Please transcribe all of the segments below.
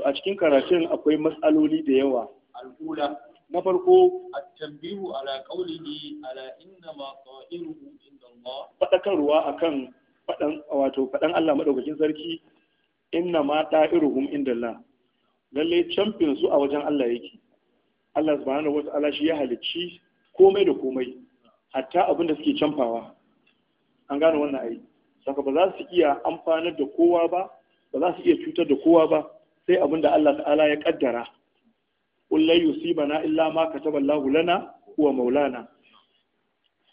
to a cikin karatun akwai matsaloli da yawa al'ula na farko at-tanbihu ala qawlihi ala inna ma qa'iruhu inda Allah fadakarwa akan fadan wato fadan Allah madaukakin sarki inna ma ta'iruhum inda Allah lalle champion su a wajen Allah yake Allah subhanahu wata'ala shi ya halicci komai da komai hatta abin da suke canfawa an gane wannan ai saka ba za su iya amfanar da kowa ba ba za su iya cutar da kowa ba sai abin da Allah ta'ala ya kaddara qul yusibana illa ma kataba Allahu lana huwa maulana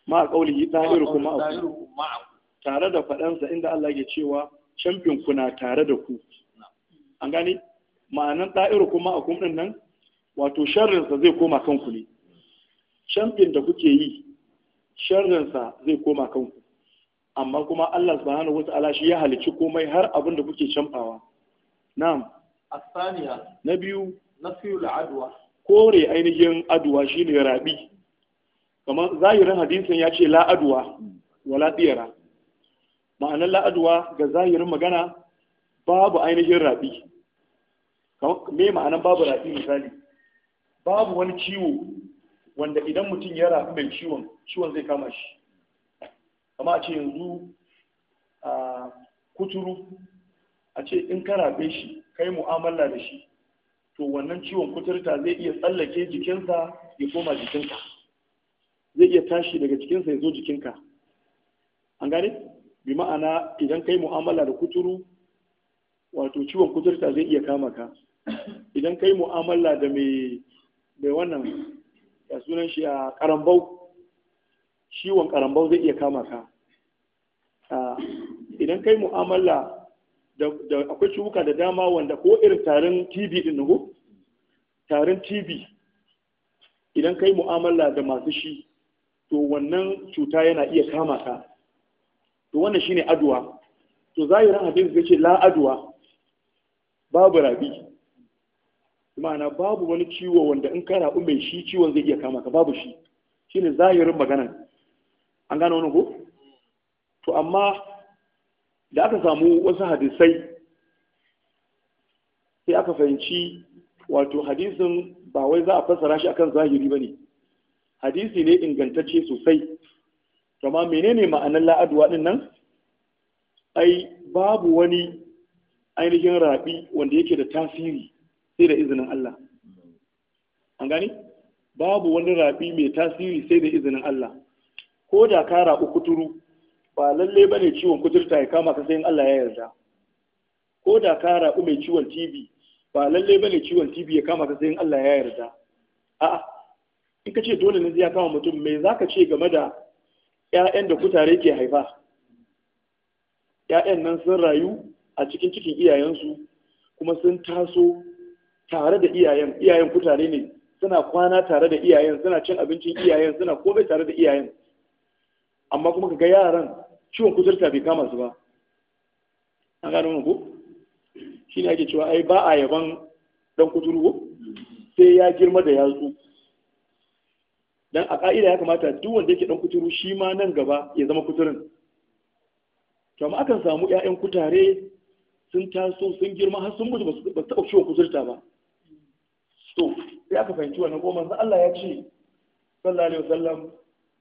ma qawlihi kuma a tare da faɗansa inda Allah ke cewa champion kuna tare da ku an gane ma'anan kuma ma'akum din nan wato sharrinsa zai koma kanku ne champion da kuke yi sharrinsa zai koma kanku amma kuma Allah subhanahu wata'ala shi ya halicci komai har abin da kuke champawa na'am na biyu na nafiyul adwa kore ainihin adwa shine rabi kamar zahirin hadisin ya ce la adwa wala diyara ma'anar la adwa ga zahirin magana babu ainihin rabi me ma'anar babu rabi misali babu wani ciwo wanda idan mutum ya rafi mai ciwon ciwon zai kama shi kama a ce yanzu a kuturu a ce in ka rafe shi kai mu'amala da shi to wannan ciwon kuturta zai iya tsallake jikinsa ya koma jikinka zai iya tashi daga jikinsa ya zo jikinka an gane bi ma'ana idan kai mu'amala da kuturu wato ciwon kuturta zai iya kama ka idan kai mu'amala da mai mai wannan ya sunan shi a karambau ciwon karambau zai iya kama ka ah, idan kai mu'amala da akwai ciwuka da dama wanda ko irin tarin TB din nuhu tarin TB idan kai mu'amala da masu shi to wannan cuta yana iya kama ka to wannan shine adwa to zahirin hadisi ce la adwa babu rabi ma'ana babu wani ciwo wanda in ka rabu shi ciwon zai iya kama ka babu shi shine zahirin maganan an gano wani ko to amma da aka samu wasu hadisai sai aka fahimci wato hadisin ba wai za a fassara shi akan zahiri ba ne hadisi ne ingantacce sosai kama menene ma'anar la'aduwa din nan ai babu wani ainihin rabi wanda yake da tasiri sai da izinin Allah an gani babu wani rabi mai tasiri sai da izinin Allah ko da ka uku turu ba lalle ba ne ciwon kuturta ya kama ka sai Allah ya yarda ko da ka rabu mai ciwon TB ba lalle ba ne ciwon TB ya kama ka sai Allah ya yarda a'a in ka ce dole ne zai ya kama mutum me zaka ce game da ƴaƴan da kutare ke haifa ƴaƴan nan sun rayu a cikin cikin iyayensu kuma sun taso tare da iyayen iyayen kutare ne suna kwana tare da iyayen suna cin abincin iyayen suna komai tare da iyayen amma kuma ka ga yaran ciwon kuturta bai kama su ba an gano ko shi ne ake cewa ai ba a yaban dan kuturu sai ya girma da yatsu dan a ka'ida ya kamata duk wanda yake dan kuturu shi ma nan gaba ya zama kuturin to akan samu 'ya'yan kutare sun taso sun girma har sun mutu ba su taɓa ciwon kuturta ba So ya aka fahimci wannan goma manzo Allah ya ce sallallahu alaihi wasallam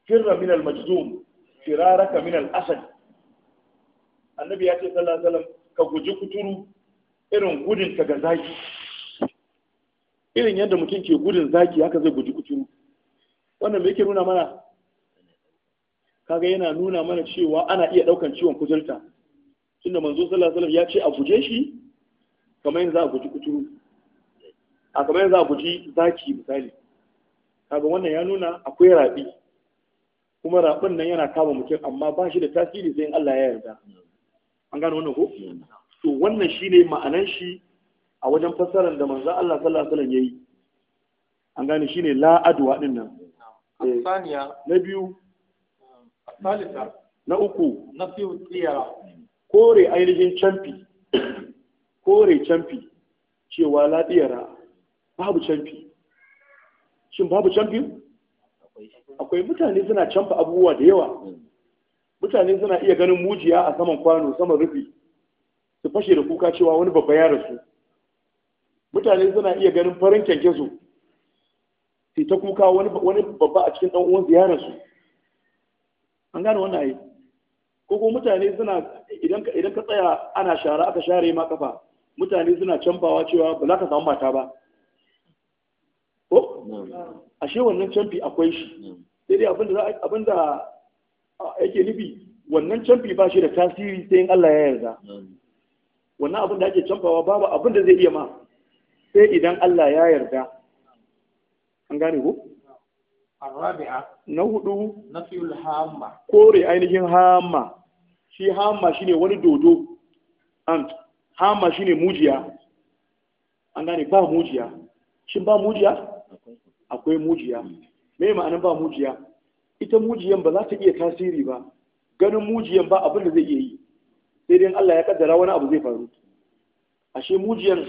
firra min al-majzum firaraka min al-asad annabi ya ce sallallahu alaihi wasallam ka guji kuturu irin gudun ka ga zaki irin yadda mutum ke gudun zaki haka zai guji kuturu wannan me yake nuna mana kaga yana nuna mana cewa ana iya daukan ciwon kuturta tunda manzo sallallahu alaihi wasallam ya ce a guje shi kamar yanzu a guji kuturu a kamar yanzu a guji zaki misali kaga wannan ya nuna akwai rabi kuma raɓin nan yana kama mutum amma ba shi da tasiri sai in Allah ya yarda an gano wannan ko to wannan shine ma'anan shi a wajen fassarar da manzo Allah sallallahu alaihi wasallam yayi an gane shine la adwa din nan eh, na biyu na uku na biyu tsiyara kore ainihin champi kore champi cewa la tsiyara babu champi shin babu camfin akwai mutane suna canfa abubuwa da yawa mutane suna iya ganin mujiya a saman kwano saman rufi su fashe da kuka cewa wani babba ya rasu mutane suna iya ganin farin su sai ta kuka wani babba a cikin ɗan'uwan rasu. an gane wannan ayi ko mutane suna idan ka tsaya ana shara aka share ma kafa mutane suna canfawa cewa ba za ka samu mata ba ashe wannan canfi akwai shi sai dai abinda abinda yake nufi wannan canfi ba shi da tasiri sai in Allah ya yarda wannan abin da ake canfawa babu abin da zai iya ma sai idan Allah ya yarda an gane ku na hudu fiul hamma kore ainihin hamma shi hamma shine wani dodo an hamma shine mujiya an gane ba mujiya shin ba mujiya akwai mujiya me ma'anar ba mujiya ita mujiyan ba za ta iya tasiri ba ganin mujiyan ba abin da zai iya yi sai dai Allah ya kaddara wani abu zai faru ashe mujiyan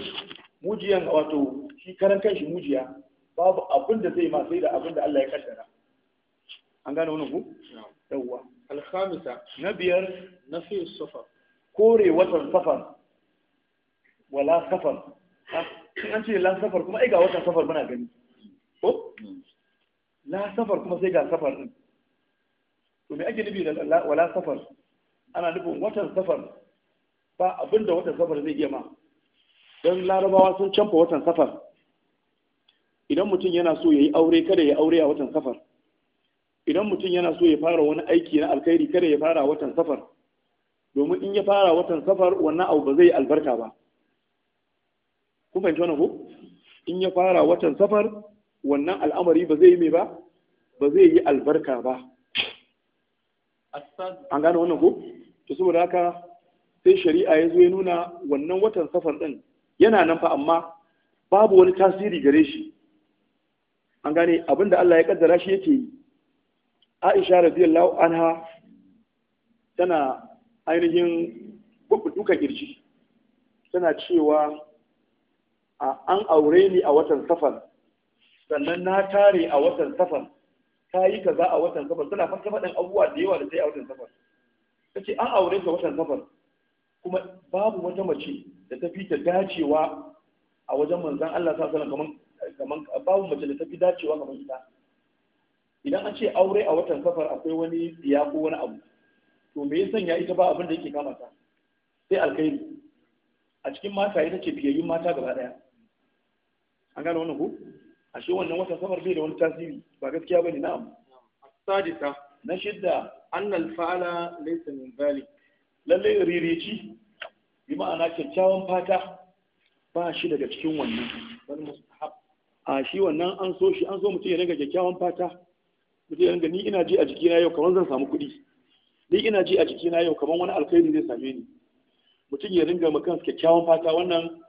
mujiyan wato shi karan kanshi mujiya babu abin da zai ma sai da abin da Allah ya kaddara an gane wannan ku yawwa alkhamisa na biyar nafi safar kore watan safar wala safar in an ce lan safar kuma ai ga watan safar muna gani ko la safar kuma sai ga safar din to me ake nufi da wala safar ana nufin watan safar ba abinda watan safar zai iya ma don larabawa sun canfa watan safar idan mutum yana so ya yi aure kada ya aure a watan safar idan mutum yana so ya fara wani aiki na alkhairi kada ya fara watan safar domin in ya fara watan safar wannan abu ba zai albarka ba kun fahimci wannan ko in ya fara watan safar wannan al'amari ba zai yi mai ba ba zai yi albarka ba an gane wannan ko to saboda haka sai shari'a ya zo ya nuna wannan watan safar din yana nan fa amma babu wani tasiri gare shi an gane abinda Allah ya kaddara shi yake yi Aisha radiyallahu anha tana ainihin duka kirji tana cewa an aure ni a watan safar sannan na tare a watan safar ta yi kaza a watan safar suna farka faɗin abubuwa da yawa da ta yi a watan safar ta ce an aure ta watan safar kuma babu wata mace da ta fi ta dacewa a wajen manzan Allah sa sanar kamar babu mace da ta fi dacewa kamar ita idan an ce aure a watan safar akwai wani ya ko wani abu to me ya sanya ita ba abin da yake kama ta sai alkhairi a cikin mata ita ce fiyayyun mata gaba daya an gane wannan ku ashe wannan wata safar bai da wani tasiri ba gaskiya bane na'am sadisa na shidda annal fa'ala laysa min zalik lalle ririci bi ma'ana kyakkyawan fata ba shi daga cikin wannan wani mustahab a shi wannan an so shi an so mutum ya ringa kyakkyawan fata mutum ya ringa ni ina ji a jikina yau kamar zan samu kuɗi ni ina ji a jikina yau kamar wani alkhairi zai same ni mutum ya ringa makan kyakkyawan fata wannan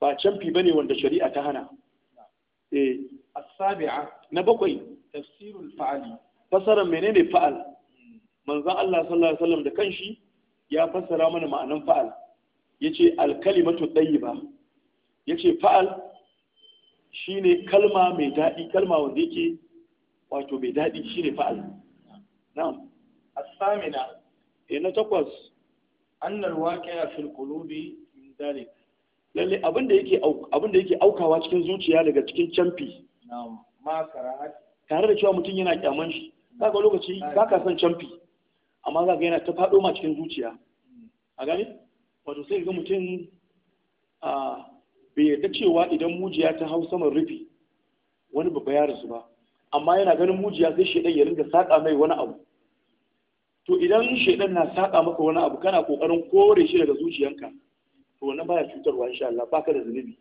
ba canfi bane wanda shari'a ta hana السابعة نبقي تفسير الفعل فسر منين فعل من ذا الله صلى الله عليه وسلم ده كانشي يا فسر من معنى فعل يجي الكلمة الطيبة يجي فعل shine kalma mai daɗi kalma wanda yake wato mai daɗi shine fa'al na'am as-samina eh na takwas annal waqi'a fil qulubi min dalik lalle abin da yake abin da yake aukawa cikin zuciya daga cikin camfi tare da cewa mutum yana kyaman shi kaga lokaci baka son camfi amma za yana ta faɗo ma cikin zuciya a gani wato sai ga mutum a bai yarda cewa idan mujiya ta hau saman rufi wani babba ya rasu ba amma yana ganin mujiya sai shedan ya ringa saka mai wani abu to idan shedan na saka maka wani abu kana kokarin kore shi daga zuciyanka to wannan baya cutarwa insha Allah baka da zunubi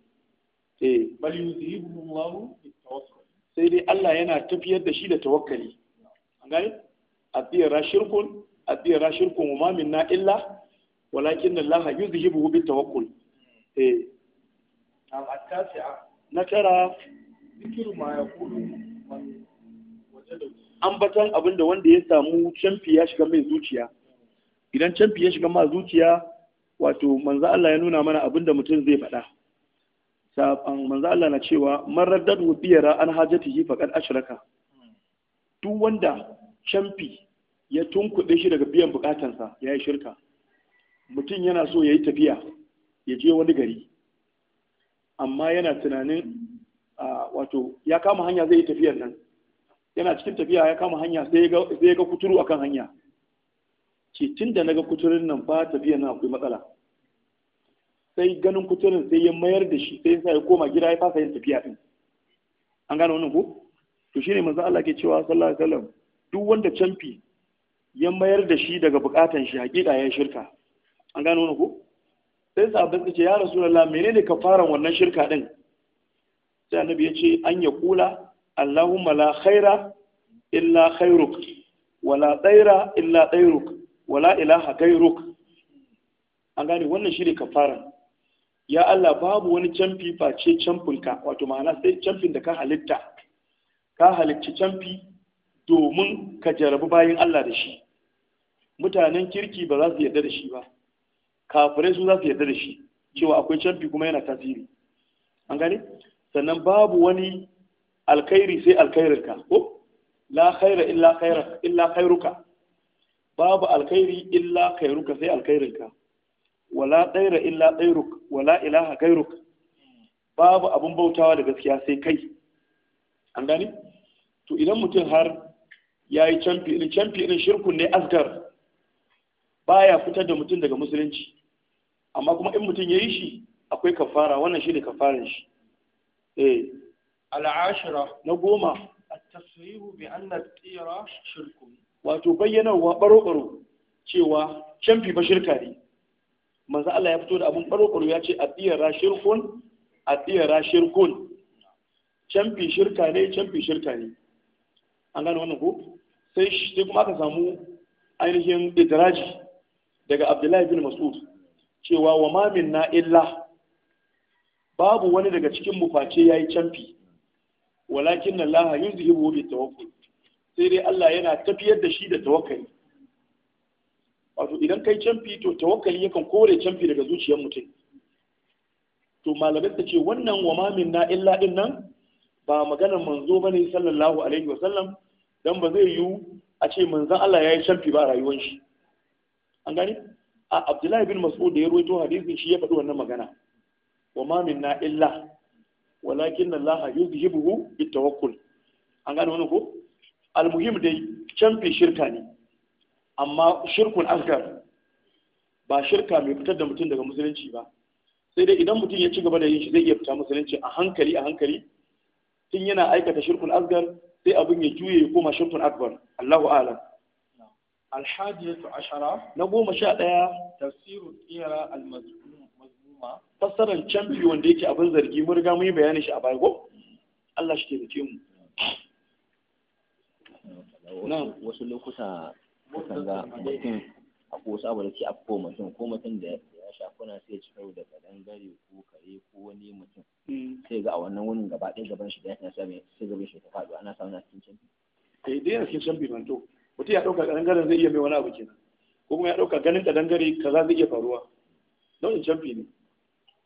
eh bal yuzibu Allahu bitawakkul sai dai Allah yana tafiyar da shi da tawakkali an gane adira rashirkun adira rashirkun wa ma minna illa walakin Allah yuzhibuhu bitawakkul eh am attasi'a na tara zikiru ma yaqulu ambatan abinda wanda ya samu canfi ya shiga mai zuciya idan canfi ya shiga ma zuciya wato manzo Allah ya nuna mana abin da mutum zai faɗa saban manzo Allah na cewa man raddadu biyara an shi faqad ashraka duk wanda shamfi ya tunkuɗe shi daga biyan bukatansa ya yi shirka mutum yana so ya yi tafiya ya je wani gari amma yana tunanin wato ya kama hanya zai yi tafiyar nan yana cikin tafiya ya kama hanya sai ya ga kuturu akan hanya ce tun da na ga kuturin nan ba tafiya na akwai matsala sai ganin kuturin sai ya mayar da shi sai ya koma gida ya fasa yin tafiya din an gane wannan ko to shine manzo Allah ke cewa sallallahu alaihi wasallam duk wanda canfi ya mayar da shi daga bukatan shi hakika ya shirka an gane wannan ko sai sahabban ya ce ya rasulullah menene kafaran wannan shirka din sai annabi ya ce an ya kula Allahumma la khaira illa khairuk wala tsaira illa tsairuk wala ilaha gairuk an gane wannan shi ne kafaran ya Allah babu wani camfi face camfinka wato ma'ana sai camfin da ka halitta ka halicci camfi domin ka jarabi bayan Allah da shi mutanen kirki ba za su yarda da shi ba kafirai su za su yarda da shi cewa akwai camfi kuma yana tasiri an gane sannan babu wani alkhairi sai alkhairinka ko la khaira illa khairuka babu alkhairi illa khairuka sai alkhairinka wala ɗaira illa ɗairuk wala ilaha gairuk babu abin bautawa da gaskiya sai kai an gani to idan mutum har ya yi canfi, irin canfi irin shirkun ne asgar baya fitar da mutum daga musulunci amma kuma in mutum ya yi shi akwai kafara wannan shi ne kafarin shi eh al'ashira na goma at-tasrihu bi anna at-tira shirkun wato bayyana wa baro baro cewa canfi ba shirka ne manzo Allah ya fito da abun baro ya ce addiyara shirkun addiyara shirkun canfi shirka ne canfi shirka ne an gane wannan ko sai kuma aka samu ainihin idraji daga Abdullahi bin Mas'ud cewa wa ma minna illa babu wani daga cikin mu face yayi canfi walakin Allah yuzhibu bi tawakkul sai dai Allah yana tafiyar da shi da tawakkali wato idan kai canfi to tawakkali yakan kore canfi daga zuciyar mutum to malamai ta ce wannan wa mamin na illa din nan ba maganar manzo bane sallallahu alaihi wa sallam dan ba zai yiwu a ce manzon Allah yayi canfi ba a rayuwar shi an gani a Abdullahi bin Mas'ud da ya ruwaito hadisin shi ya faɗi wannan magana wa mamin na illa walakin Allah yuzhibuhu bitawakkul an gani wannan ko almuhim dai canfi shirka ne amma shirkun asgar ba shirka mai fitar da mutum daga musulunci ba sai dai idan mutum ya ci gaba da yin shi zai iya fita musulunci a hankali a hankali tun yana aikata shirkun asgar sai abin ya juye ya koma shirkun akbar Allahu a'lam الحادية Fassaran نقوم شاء تفسير الإيرة المذمومة فسر الشامبيون ديك أبن زرقي shi a بياني شعبا Allah shi ke mu. Wasu lokuta kanga mutum a ko wasu abu da ke afko mutum ko mutum da ya shafuna sai ci karo da kadangare ko kare ko wani mutum mm. sai ga a wannan wurin gaba ɗaya gaban shi da ya sami sai gaban shi ta faɗo ana samun cikin canfi eh dai yana cikin canfi manto mutum ya ɗauka kadangaren zai iya mai wani abu kenan ko kuma ya ɗauka ganin kadangare kaza zai iya faruwa nau'in canfi ne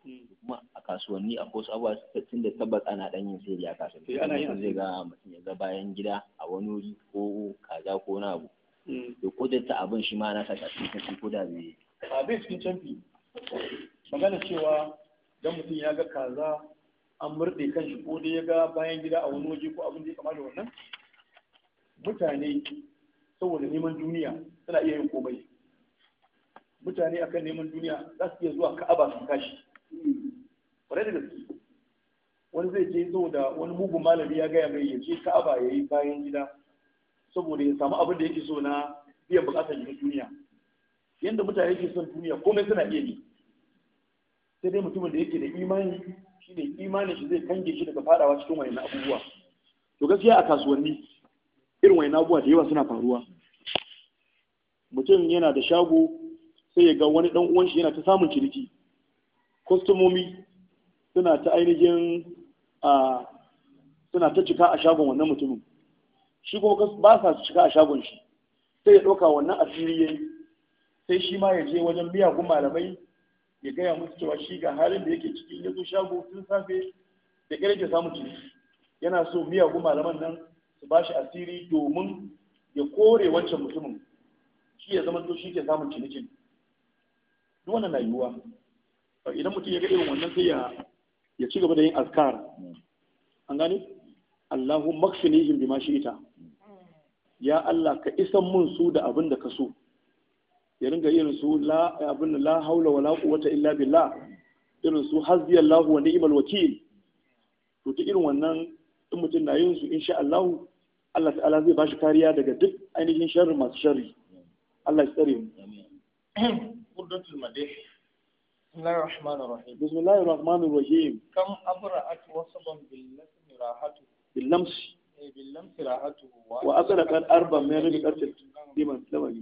mm. kuma a kasuwanni a wasu abuwa tun da tabbas ana ɗan yin sai ya kasuwanni eh, ana yin zai ga mutum ya ga bayan gida a wani wuri ko kaza ko na abu da mm. ta abin shi ma na sa shi kashi ko da yi. a bai cikin canfi magana cewa don mutum ya ga kaza an murɗe kan shi ko dai ya ga bayan gida a wani waje ko abin da ya kama da wannan mutane saboda neman duniya suna iya yin komai mutane akan neman duniya za su iya zuwa ka'aba su kashi kwarai da gaske wani zai je saboda wani mugun malami ya gaya mai ya ka'aba ya yi bayan gida saboda ya samu abin da yake so na biyan bukatar na duniya yadda mutane ke son duniya komai suna iya yi sai dai mutumin da yake da imani shi ne imanin shi zai kange shi daga fadawa cikin wayannan abubuwa to gaskiya a kasuwanni irin wayannan abubuwa da yawa suna faruwa mutum yana da shago sai ya ga wani dan uwan shi yana ta samun ciniki kwastomomi suna ta ainihin a ah, suna ta cika a shagon wannan mutumin shi kuma ba sa cika a shagon shi sai ya ɗauka wannan asiri ya yi sai shi ma ya je wajen miyagun malamai ya gaya musu cewa shi ga halin da yake ciki ya zo shago tun safe da ƙyar yake samun ciki yana so miyagun malaman nan su ba shi asiri domin ya kore wancan mutumin shi ya zama to shi ke samun cinikin duk wannan na yiwuwa idan mutum ya ga irin wannan sai ya ci gaba da yin askar an gane Allahu makshinihim bima shi'ita ya Allah ka isan mun su da abin da ka so ya ringa irin su la abin la haula wala quwwata illa billah irin su hasbi Allahu wa ni'mal wakil to ta irin wannan in mutum na yin su insha Allah Allah ta'ala zai bashi kariya daga duk ainihin sharri masu sharri Allah ya tsare mu qurratul madih bismillahir rahmanir rahim bismillahir rahmanir rahim kam abra'at wasban bil nasmi باللمس باللمس راحته وأطلقت أربا من رزق لمن لمن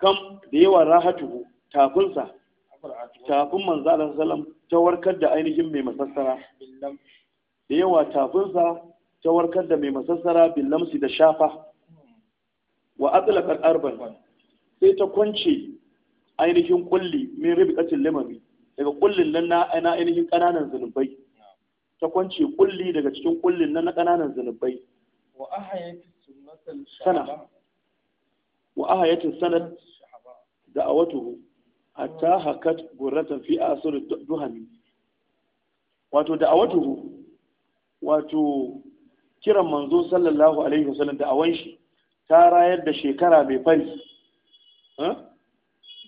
كم ديوا راحته تافنسا tafin من ta warkar da ainihin mai masassara da yawa tafinsa ta warkar da mai masassara billamsi da shafa sai ta kwance ainihin kulli min limami daga kullin nan na ainihin ƙananan zunubai ta kwance kulli daga cikin kullin na ƙananan zunubai wa ahayatin sanad da a a ta hakat gurratan fi asir duhani wato da a wato wato kiran manzo sallallahu alaihi wasallam da awan shi ta rayar da shekara mai fari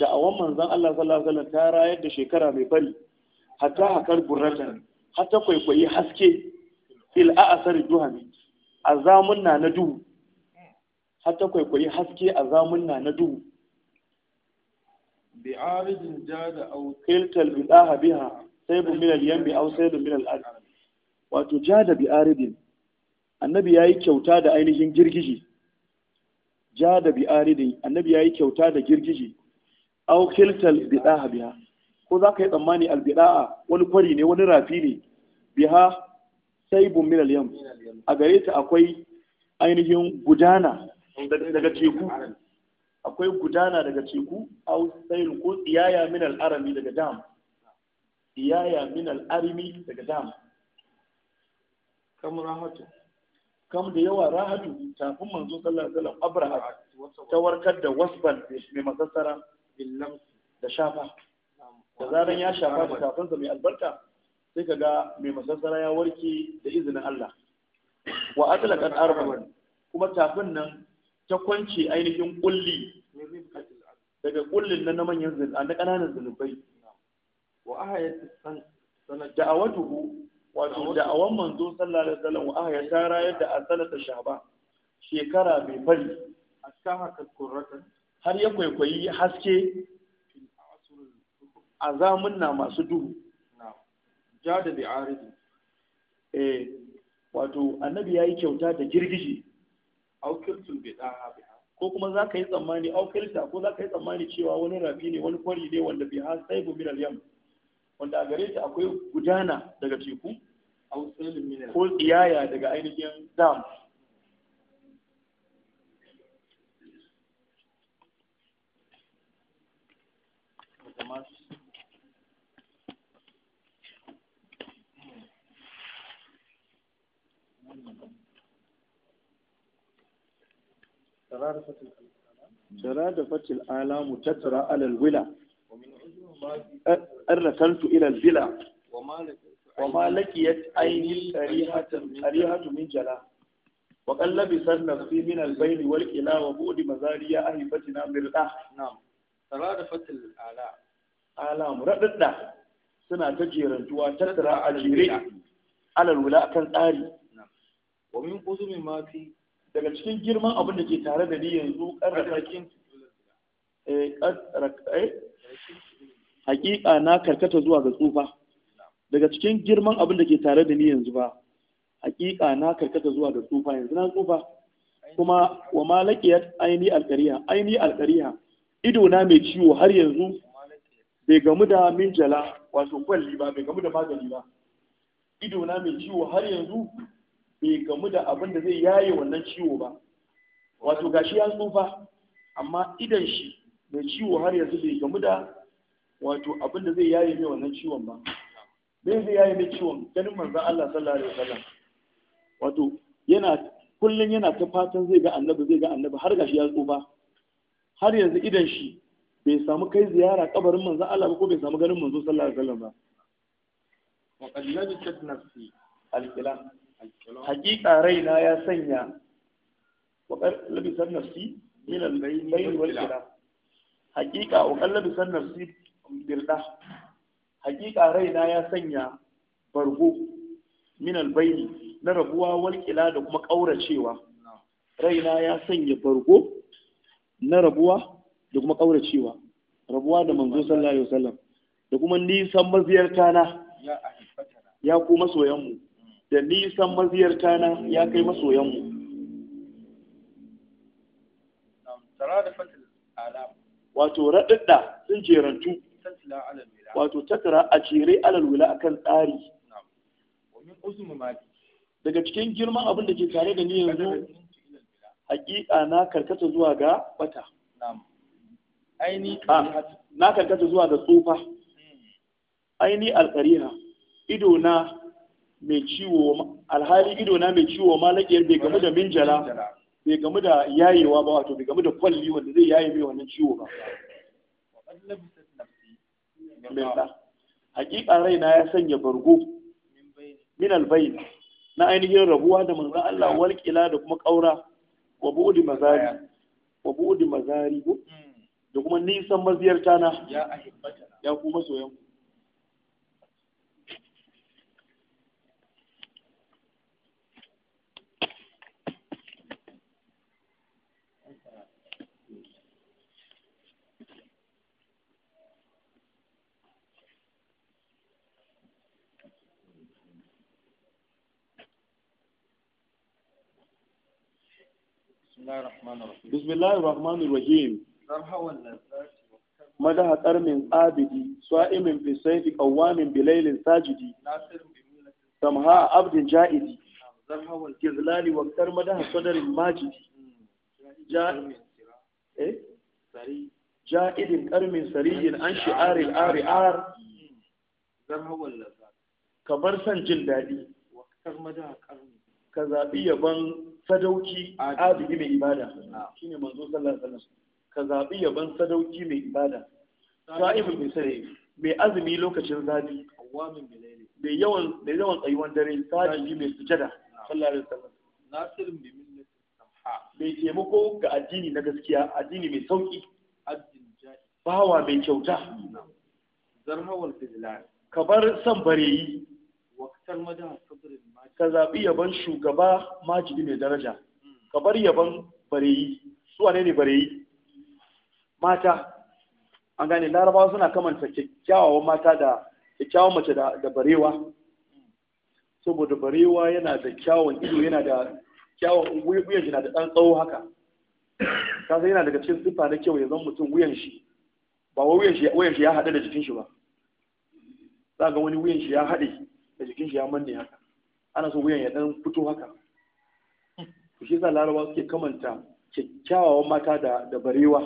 da awan manzan Allah sallallahu alaihi wasallam ta rayar da shekara mai fari hatta hakar gurratan har kwaikwayi haske fil a'asar duhami a zamunna na duhu har kwaikwayi haske a zamunna na duhu bi arijin jada au kiltal bidaha biha sai bu 'yan yambi au sai bu minal ard wato jada bi arijin annabi yayi kyauta da ainihin girgiji jada bi arijin annabi yayi kyauta da girgiji au kiltal bidaha biha ko za ka yi tsammani albida'a wani kwari ne wani rafi ne biha sai bu milal yam a gare ta akwai ainihin gudana daga teku akwai gudana daga teku au sayru ko iyaya min al-arami daga dam Iyaya min al-arami daga dam kam rahatu kam da yawa rahatu tafin manzo sallallahu alaihi wasallam abraha ta warkar da wasban mai masassara da shafa da zaran ya shafa da tafansa mai albarka sai ka ga mai masassara ya warke da izinin Allah wa atlaqat arba'an kuma tafin nan ta kwance ainihin kulli daga kullin nan na manyan zulma na kananan zulubai wa ahayat sanad da'awatuhu wato da'awan manzo sallallahu alaihi wasallam wa ahaya tara yadda da asalata shaba shekara mai fari askaha kurratan har ya kwaikwayi haske na masu duhu ja da arzi. eh wato annabi yayi kyauta da girgije aukirtul bidaha biha ko kuma za ka yi tsammani aukirta ko za ka yi tsammani cewa wani rafi ne wani kwari ne wanda biha saibu min minar yam wanda a gare ta akwai gudana daga teku ko tsiyaya daga ainihin dam شرادة فتح الآلام تترى على الولا أركنت إلى البلا وما لقيت عيني كريهة كريهة من جلا وقد لبست نفسي من البين والكلا وبود مزاري أهفتنا مرضى نعم ترادفت الآلام آلام رددا سنة تجيرا توا تترى على الجريء على الولاء كان آري ومن قزم ما في daga cikin girman abin da ke tare da ni yanzu ƙarrafakin eh, eh, hakika na karkata zuwa ga tsufa daga cikin girman abin da ke tare da ni yanzu ba hakika na karkata zuwa ga tsufa yanzu na tsufa kuma wa malakiyat aini alkariya aini alkariya ido na mai ciwo har yanzu bai gamu da minjala wato kwalli ba bai gamu da magani ba ido na mai ciwo har yanzu bai gamu da abin da zai yaye wannan ciwo ba wato gashi ya tsufa amma idan shi mai ciwo har yanzu bai gamu da wato abin da zai yaye mai wannan ciwon ba bai zai yaye mai ciwon ganin manzan Allah sallallahu alaihi wasallam wato yana kullun yana ta fatan zai ga annabi zai ga annabi har gashi ya tsufa har yanzu idan shi bai samu kai ziyara kabarin manzan Allah ba ko bai samu ganin manzo sallallahu alaihi wasallam ba wa qad labisat nafsi al-ilah haƙiƙa raina ya sanya wakar labisan nafsi milal bayin wal kila haƙiƙa wakar labisan nafsi birda haƙiƙa raina ya sanya bargo minal bayi na rabuwa wal kila da kuma ƙauracewa raina ya sanya bargo na rabuwa da kuma ƙauracewa rabuwa da manzo sallallahu alaihi wasallam da kuma nisan maziyarta na ya ku masoyanmu da nisan maziyarta na ya kai mu. wato raɗaɗa sun jerantu wato tattara a jere alalwila a akan tsari daga cikin girman abin da ke tare da ni yanzu hakika na karkata zuwa ga bata aini na karkata zuwa ga tsufa hmm. aini alƙariha ido na mai ciwo alhali ido na mai ciwo ma lakiyar bai gamu da minjala bai gamu da yayewa ba wato bai gamu da kwalli wanda zai yaye mai wannan ciwo ba hakika na ya sanya bargo min albayin na ainihin rabuwa da manzan Allah walƙila da kuma ƙaura wa buɗi mazari wa buɗi mazari mm. da kuma nisan maziyarta na ya kuma soyan bismillahir rahmanir rahim madaha qarmin abidi sa'imin fi sayfi qawamin bi laylin sajidi samha abdin ja'idi kizlali wa kar madaha sadarin majidi eh? ja'idin qarmin sariyin an shi'aril ari'ar ka bar san jin daɗi ka zaɓi yaban sadauki adili mai ibada ne manzo sallallahu alaihi wasallam ka zabi yaban sadauki mai ibada sa'ibul bisari mai azumi lokacin zafi mai yawan da yawan tsayuwan dare sa'i mai sujada sallallahu alaihi wasallam nasirin bi millati mai taimako ga addini na gaskiya addini mai sauki bawa mai kyauta zarhawal bidlan kabar san bareyi waktar madaha sadrin ka zaɓi yaban shugaba majigi mai daraja ka bar yaban bareyi su wane ne bareyi mata an gane larabawa suna kamanta kyakkyawan mata da kyakkyawan mace da barewa saboda barewa yana da kyawun ido yana da kyawun wuyan shi na da ɗan tsawo haka kasa yana daga cikin siffa na kyau ya zan mutum wuyan shi ba wa wuyan shi ya haɗe da jikin shi ba za ga wani wuyan shi ya haɗe da jikin shi ya manne haka ana so wuyan ya dan fito haka to shi sa larabawa suke kamanta kyakkyawan mata da da barewa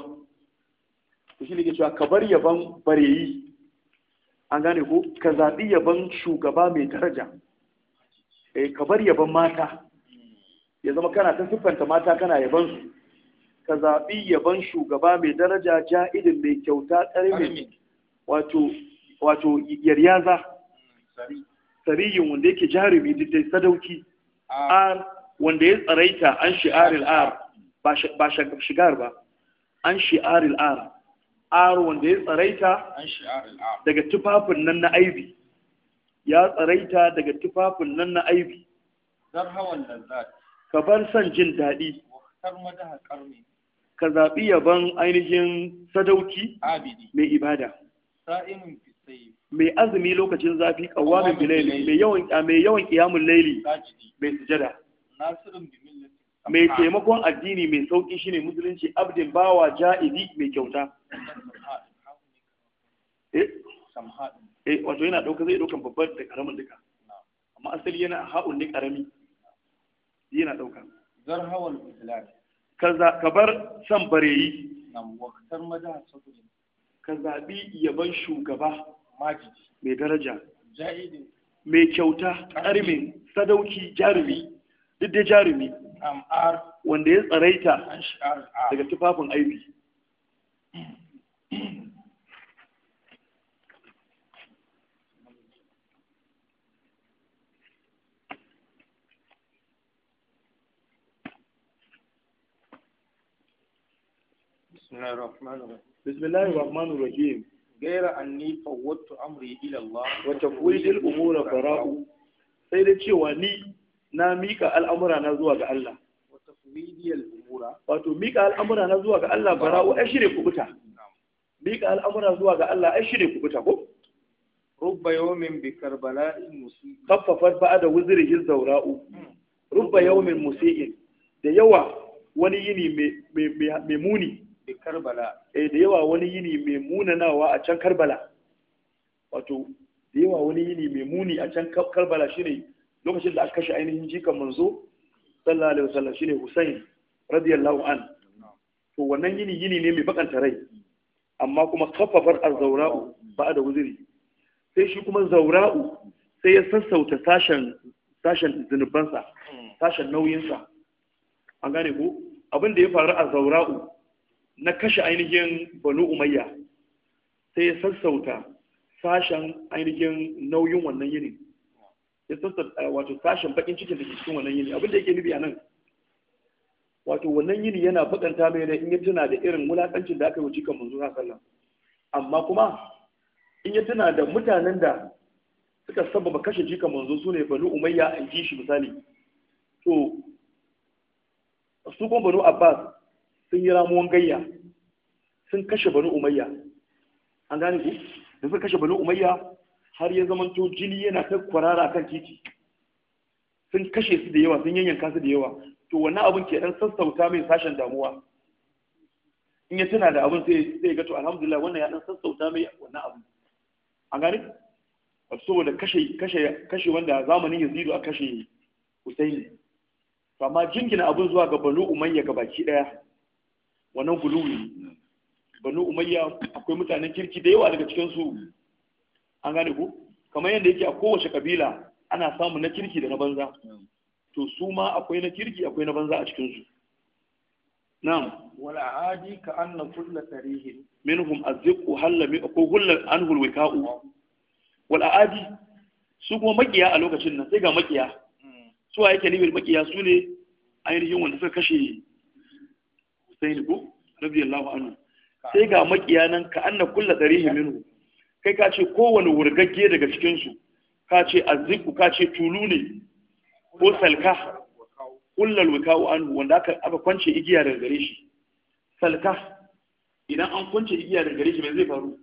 to shi ne ke cewa ka bar yaban bareyi an gane ko ka zaɓi yaban shugaba mai daraja eh ka bar yaban mata ya zama kana ta siffanta mata kana yaban su ka zaɓi yaban shugaba mai daraja ja'idin mai kyauta ƙarfi wato wato yaryaza sariyin wanda yake jarumi da sadauki ah. ar wanda ya tsaraita an shi'aril ar ba shigar ba an shi'aril ar ar wanda ya tsaraita daga tufafin nan na aibi ya tsaraita daga tufafin nan na aibi ka bar son jin daɗi ka zaɓi yaban ainihin sadauki mai ibada mai azumi lokacin zafi kawamin bilaili mai yawan ah, mai yawan laili mai sujada mai taimakon addini mai shi shine musulunci abdin bawa ja'idi mai kyauta eh? eh wato yana ɗauka zai ɗaukan babbar da ƙaramin duka amma asali yana haun ne karami yana dauka zarhawal islam kaza bar san bareyi ka zaɓi yaban shugaba mai daraja mai kyauta ƙarme sadauki jarumi duk da jarumi wanda ya tsaraita daga tufafin aibi بسم الله الرحمن الرحيم gaira anni fawwattu amri ila Allah wa umura sai da cewa ni na mika al'amura na zuwa ga Allah wa umura wato mika al'amura na zuwa ga Allah fara'u ai shire kubuta mika al'amura zuwa ga Allah ai kubuta ko rubba yawmin bi karbala'in musii kaffafat ba'da wuzrihi zawra'u rubba yawmin da yawa wani yini mai muni bi Karbala eh da yawa wani yini mai munanawa a can Karbala wato da yawa wani yini mai muni a can Karbala shine lokacin da aka kashe ainihin jikan manzo sallallahu alaihi wasallam shine husain radiyallahu an to wannan yini yini ne mai bakanta rai amma kuma kafafar az ba da wuziri sai shi kuma zaura'u sai ya sassauta sashen sashen zunubansa sashen nauyinsa an gane ko abin da ya faru a zaura'u na kashe ainihin banu umayya sai ya sassauta sashen ainihin nauyin wannan yini ya sassauta eh, wato sashen bakin cikin da ke cikin wannan yini abinda yake nufi a nan wato wannan yini yana bakanta mai da in ya tuna da irin wulakancin da aka yi jikan manzo sallallahu amma kuma in ya tuna da mutanen da suka sababa kashe jika manzo su ne banu umayya an ji shi misali to su kuma banu abbas sun yi ramuwan gayya sun kashe bani umayya an gane ku da sun kashe bani umayya har ya zama to jini yana ta kwarara kan titi sun kashe su da yawa sun yanyanka su da yawa to wannan abin ke dan sassauta mai sashen damuwa in ya tana da abin sai sai ga to alhamdulillah wannan ya dan sassauta mai wannan abin an gane saboda kashe kashe kashe wanda zamanin Yazidu a kashe Husaini to amma jingina abin zuwa ga Banu Umayya ga baki daya wannan guluwi banu umayya akwai mutanen kirki da yawa daga cikin su an gane ku kamar yadda yake a kowace kabila ana samu na kirki da na banza to su ma akwai na kirki akwai na banza a cikin su na'am wala adi ka anna kullu tarihin minhum azqu halla ko kullu anhul wika'u wala adi su kuma makiya a lokacin nan sai ga makiya hmm. su waye yake nibir makiya su ne ainihin wanda suka kashe Husaini ko radiyallahu anhu sai ga makiya nan ka anna kulla darihi minhu kai ka ce kowane wurgagge daga cikin su ka ce azziku ka ce tulu ne ko salka kullal wika'u anhu wanda aka aka kwance igiya daga gare shi salka idan an kwance igiya daga gare shi me zai faru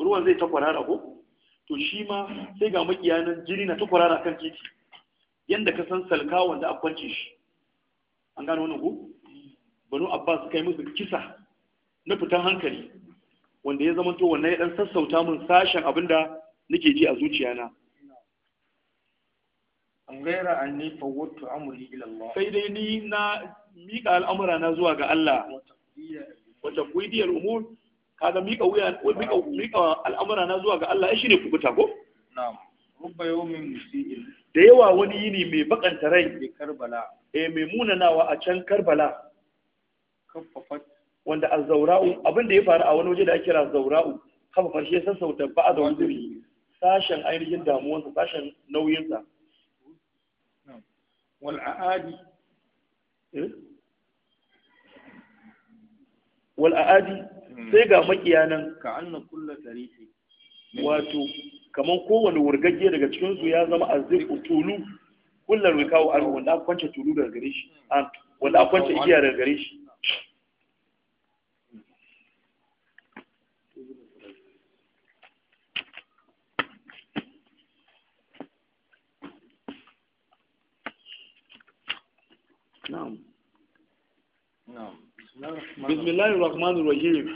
ruwan zai ta kwarara ko to shi ma sai ga makiya nan jini na ta kwarara kan titi yanda ka san salka wanda a kwance shi an gano wannan ku banu abbas kai musu kisa na fitan hankali wanda ya zama to wannan ya dan sassauta min sashen abinda nake ji a zuciyana an gaira an ni amri ila Allah sai dai ni na mika al'amura na zuwa ga Allah wata kuidiyar umur kaga mika wuya mika mika al'amura na zuwa ga Allah ya shine kubuta ko na'am yau min musi'in da yawa wani yini mai bakanta rai ke karbala eh mai munanawa a can karbala wanda a zawrau abin da ya faru a wani waje da ake kira zaura'u kafa farshe san sau da ba'a da wani sashen ainihin damuwarsa sashen nauyinsa wal a'adi eh? wal a'adi hmm. sai ga makiya nan ka anna kullu tarihi wato kamar kowane wurgagge daga cikin su ya zama azir utulu kullar kullal wikawu an wanda aka kwance tulu daga gare shi an wanda aka kwance igiya daga gare shi بسم الله الرحمن الرحيم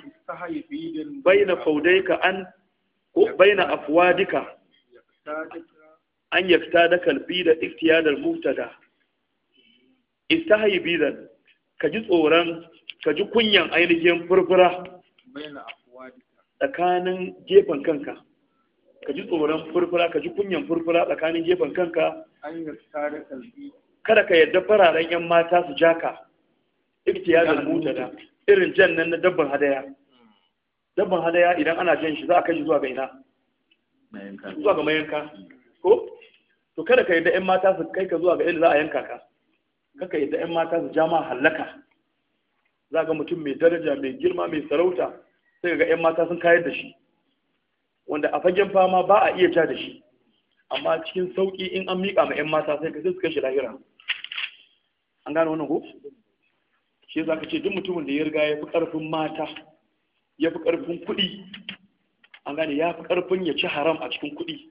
بين فوديك أن ko baina afwadika an yafta da kalbi da iktiyadar mubtada istahi bidan ka ji tsoron ka ji kunyan ainihin furfura tsakanin gefen kanka ka ji tsoron furfura ka ji kunyan furfura tsakanin gefen kanka kada ka yarda fararen yan mata su jaka iktiyadar mubtada irin jan nan na dabban hadaya dabban hadaya idan ana jan shi za a kai zuwa ga ina zuwa ga mayanka ko to kada ka yadda 'yan mata su kai ka zuwa ga inda za a yanka ka kaka yadda 'yan mata su jama hallaka za ga mutum mai daraja mai girma mai sarauta sai ga 'yan mata sun kayar da shi wanda a fagen fama ba a iya ja da shi amma cikin sauƙi in an miƙa ma 'yan mata sai ka sai su kai shi lahira an gane wannan ko shi za ka ce duk mutumin da ya riga ya fi ƙarfin mata ya fi ƙarfin kuɗi an gane ya fi ƙarfin ya ci haram a cikin kuɗi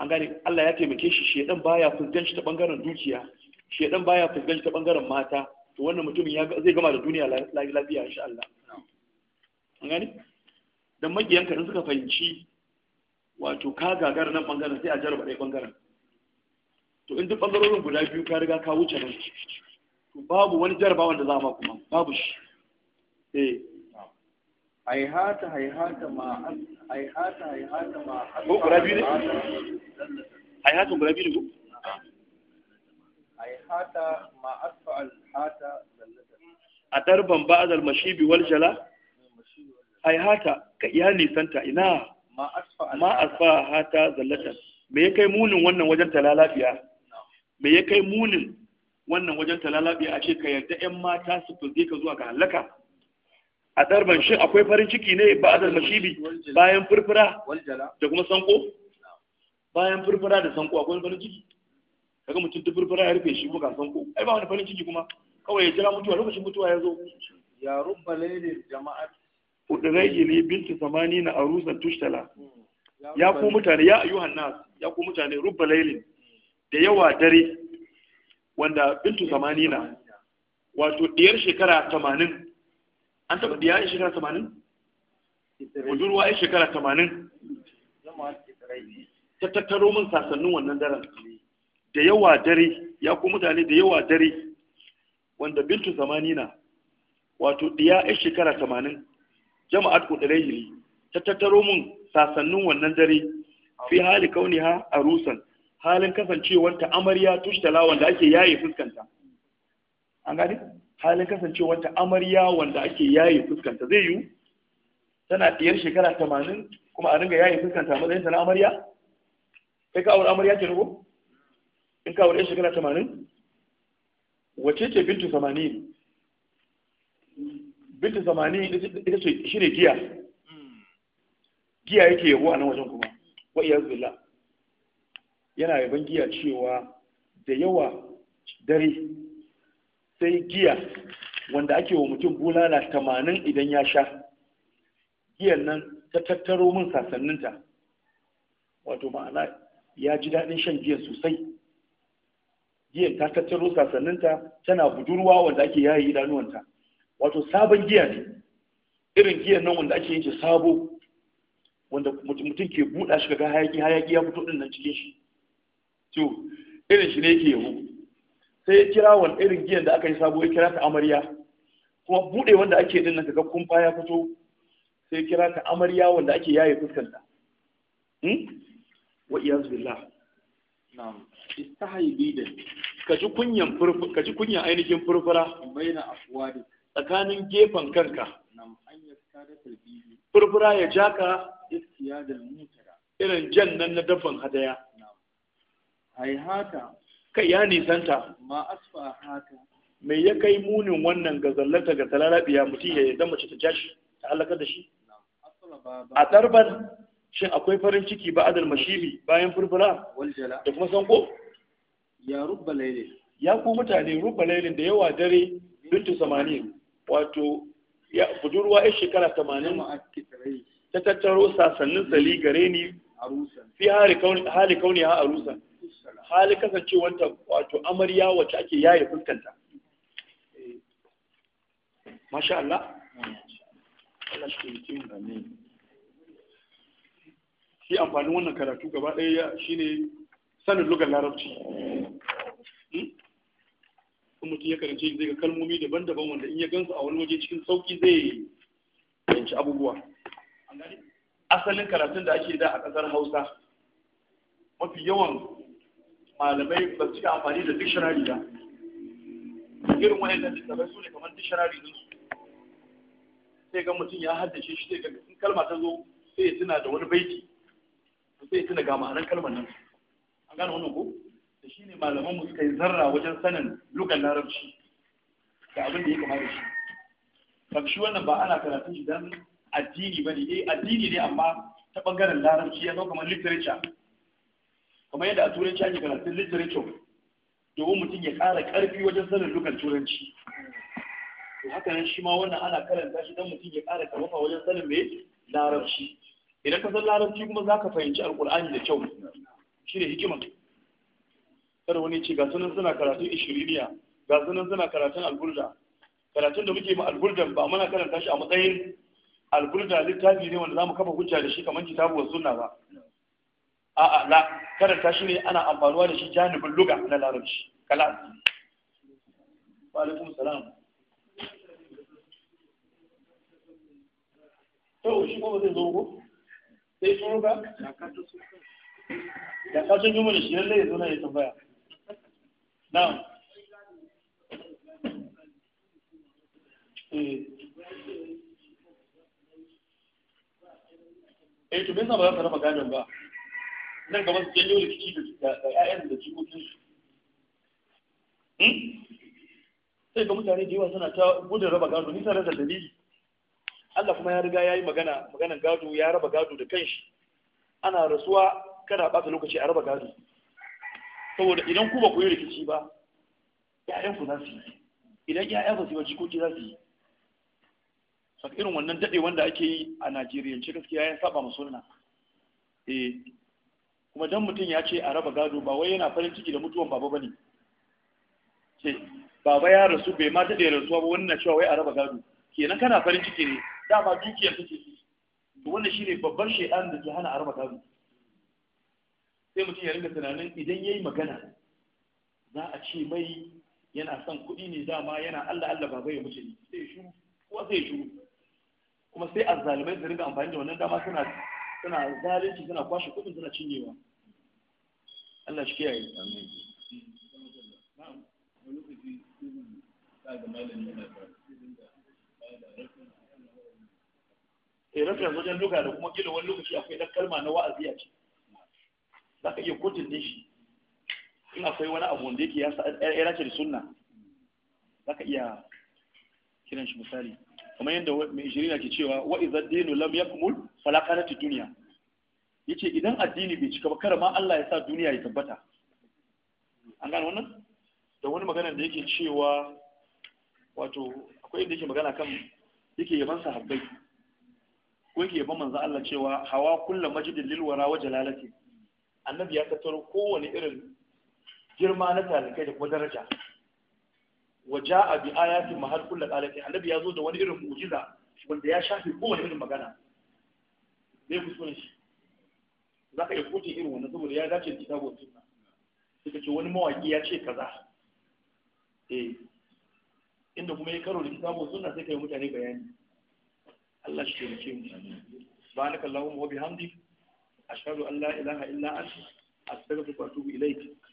an gane Allah ya taimake shi shedan baya fuskan shi ta bangaren dukiya shedan baya fuskan shi ta bangaren mata to wannan mutumin ya zai gama da duniya lafiya insha Allah an gane dan magiyan in suka fahimci wato ka gagara nan bangaren sai a jarba dai bangaren to in duk bangarorin guda biyu ka riga ka wuce nan to babu wani jarraba wanda za a ma kuma babu shi eh haihata haihata ma haihata haihata ma ko guda biyu ne haihata guda biyu ne ko haihata ma asfa al hata a darban ba'd al mashibi wal jala haihata ka iya nisanta ina ma asfa hata zallata me ya kai munin wannan wajen talalabiya me ya kai munin wannan wajen talalabiya a ce ka yarda yan mata su fuske ka zuwa ga halaka a darban shi akwai farin ciki ne ba adal mashibi bayan furfura da kuma sanko bayan furfura da sanko akwai farin ciki kaga mutum da furfura ya rufe shi buga sanko ai ba wani farin ciki kuma kawai ya jira mutuwa lokacin mutuwa ya zo ya rubba lailin jama'a udrayi ne binti samani na arusan tushtala ya ku mutane ya ayyuhan nas ya ku mutane rubba lailin da yawa dare wanda bintu samani na wato diyar shekara tamanin an taɓa diya yan shekara tamanin budurwa yan shekara tamanin ta tattaro min sasannin wannan daren da yawa dare ya ku mutane da yawa dare wanda bintu zamanina wato diya yan shekara tamanin jama'at kudurai ta tattaro min sasannin wannan dare fi hali ha a rusan halin ta amarya talawan da ake yaye fuskanta an gani halin kasancewar ta amarya wanda ake yaye fuskanta zai yiwu tana ɗiyar shekara tamanin kuma a ringa yaye fuskanta a matsayinta na amarya kai ka aure amarya ce ko in ka aure shekara tamanin wace ce bintu samanin bintu samanin ita ce shi ne giya giya yake yabo a nan wajen kuma wa iya zula yana yaban giya cewa da yawa dare sai giya wanda ake wa mutum bulala tamanin idan ya sha giyan nan ta tattaro min sasanninta wato ma'ana ya ji daɗin shan giyan sosai giyan ta tattaro sasanninta tana budurwa wanda ake yayi idanuwanta wato sabon giya ne irin giyan nan wanda ake yin sabo wanda mutum ke buɗa shi ga hayaki hayaki ya fito ɗin nan cikin shi to irin shi ne yake yabo sai ya kira wani irin giyan da aka yi sabo ya kira ta amarya kuma buɗe wanda ake din nan kaga kumfa ya fito sai ya kira ta amarya wanda ake yaye fuskanta hmm? wa iyaz billah na'am istahi bidan kaji kunyan furfura ji kunyan ainihin furfura baina afwadi tsakanin gefen kanka na'am an yaskada talbibi furfura ya jaka istiyadal mutara irin jan nan na dabban hadaya na'am hayhata kai ya nisanta ma asfa haka me ya kai munin wannan ga zallata ga talarabiya mutum ya yarda mace ta jashi ta halaka da shi a tarban shin akwai farin ciki ba adal mashibi bayan furfura da kuma sanko ya rubba lailin ya ku mutane rubba lailin da yawa dare bintu samani wato ya budurwa ya shekara tamanin ta tattaro sasannin sali gare ni fi hali kauni ha arusan hali kasancewanta wato amarya wacce ake yaye fuskanta masha Allah shi amfanin wannan karatu gaba ɗaya shine sanin lugar larabci in hmm? mutum ya karance zai ga kalmomi daban-daban wanda in ya gansu a wani waje cikin sauki zai yanci abubuwa asalin karatun da ake da a ƙasar hausa mafi yawan malamai ba su cika amfani da dictionary ba irin da littafai su ne kamar dictionary din su sai ga mutum ya haddace shi sai ga in kalma ta zo sai ya tuna da wani baiti sai ya tuna ga ma'anar kalmar nan an gane wannan ko da shi ne malaman mu suka yi zarra wajen sanin lugar larabci da abin da ya kamata shi ba shi wannan ba ana karatun shi dan addini ba ne eh addini ne amma ta bangaren larabci ya zo kamar literature kamar yadda a turanci ake karatun literature domin mutum ya ƙara ƙarfi wajen sanin lugar turanci to haka nan shi ma wannan ana karanta shi don mutum ya ƙara karfafa wajen sanin mai larabci idan ka san larabci kuma za ka fahimci alƙur'ani da kyau shi ne hikima kada wani ce ga sunan suna karatun ishiriniya ga sunan suna karatun alburda karatun da muke ma alburda ba muna karanta shi a matsayin alburda littafi ne wanda za mu kafa hujja da shi kamar kitabu wa sunna ba a'a la karanta shi ne ana amfanuwa da shi janibin luga na larabci kala wa alaikum salam to shi ko zai zo ko sai shi ba? da kasan yi mana shi lalle ya zo na ya tambaya na'am eh, eh to me zan ba ka fara magana ba nan gaban su janyo rikici da ƴaƴan da jikokin su hmm? sai ga mutane da yawa suna ta gudun raba gado nisa da dalili Allah kuma ya riga ya yi magana maganan gado ya raba gado da kanshi ana rasuwa kana ɓata lokaci a raba gado saboda idan ku ba ku yi rikici ba ƴaƴan ku za su yi idan ƴaƴan ku su yi ba jikoki za su yi saka irin wannan daɗe wanda ake yi a Najeriya ce gaskiya ya saba masu wannan eh kuma don mutum ya ce a raba gado ba wai yana farin ciki da mutuwan baba bane ce baba ya rasu bai ma ya rasu ba wannan cewa wai a raba gado kenan kana farin ciki ne dama dukiyar take ci to wannan shine babban shedan da ke hana a raba gado sai mutum ya rinka tunanin idan yayi magana za a ce mai yana son kuɗi ne dama yana Allah Allah baba ya mutu ne sai shiru kuma sai shiru kuma sai azzalimai su rinka amfani da wannan dama suna suna zalunci suna kwashe kuɗin suna cinyewa Allah shi kiyaye amin sai eh, rafiyar wajen duka da kuma gina wani lokaci akwai ɗan kalma na wa'azi a ce za ka iya kotun ne shi in akwai wani abu wanda yake ya race da sunna za ka iya kiran shi misali kamar yadda mai shirina ke cewa wa'izar dinu lam yakmul ta duniya yace idan addini bai cika ba kar ma Allah ya sa duniya ya tabbata an gane wannan da wani magana da yake cewa wato akwai inda yake magana kan yake yaban sahabbai ko yake yaban manzo Allah cewa hawa kullu majidin lil wara wa jalalati annabi ya tattaro kowane irin girma na talikai da kuma daraja wa ja'a bi ayati mahal kullu qalati annabi ya zo da wani irin mu'jiza wanda ya shafi kowane irin magana zai kuskure shi za ka iya kuce irin wannan saboda ya dace da kitabun sunna suka ce wani mawaki ya ce kaza eh inda kuma ya karo da kitabun sunna sai ka yi mutane bayani Allah shi ke mace mu subhanakallahumma wa bihamdik ashhadu an la ilaha illa anta astaghfiruka wa atubu ilayk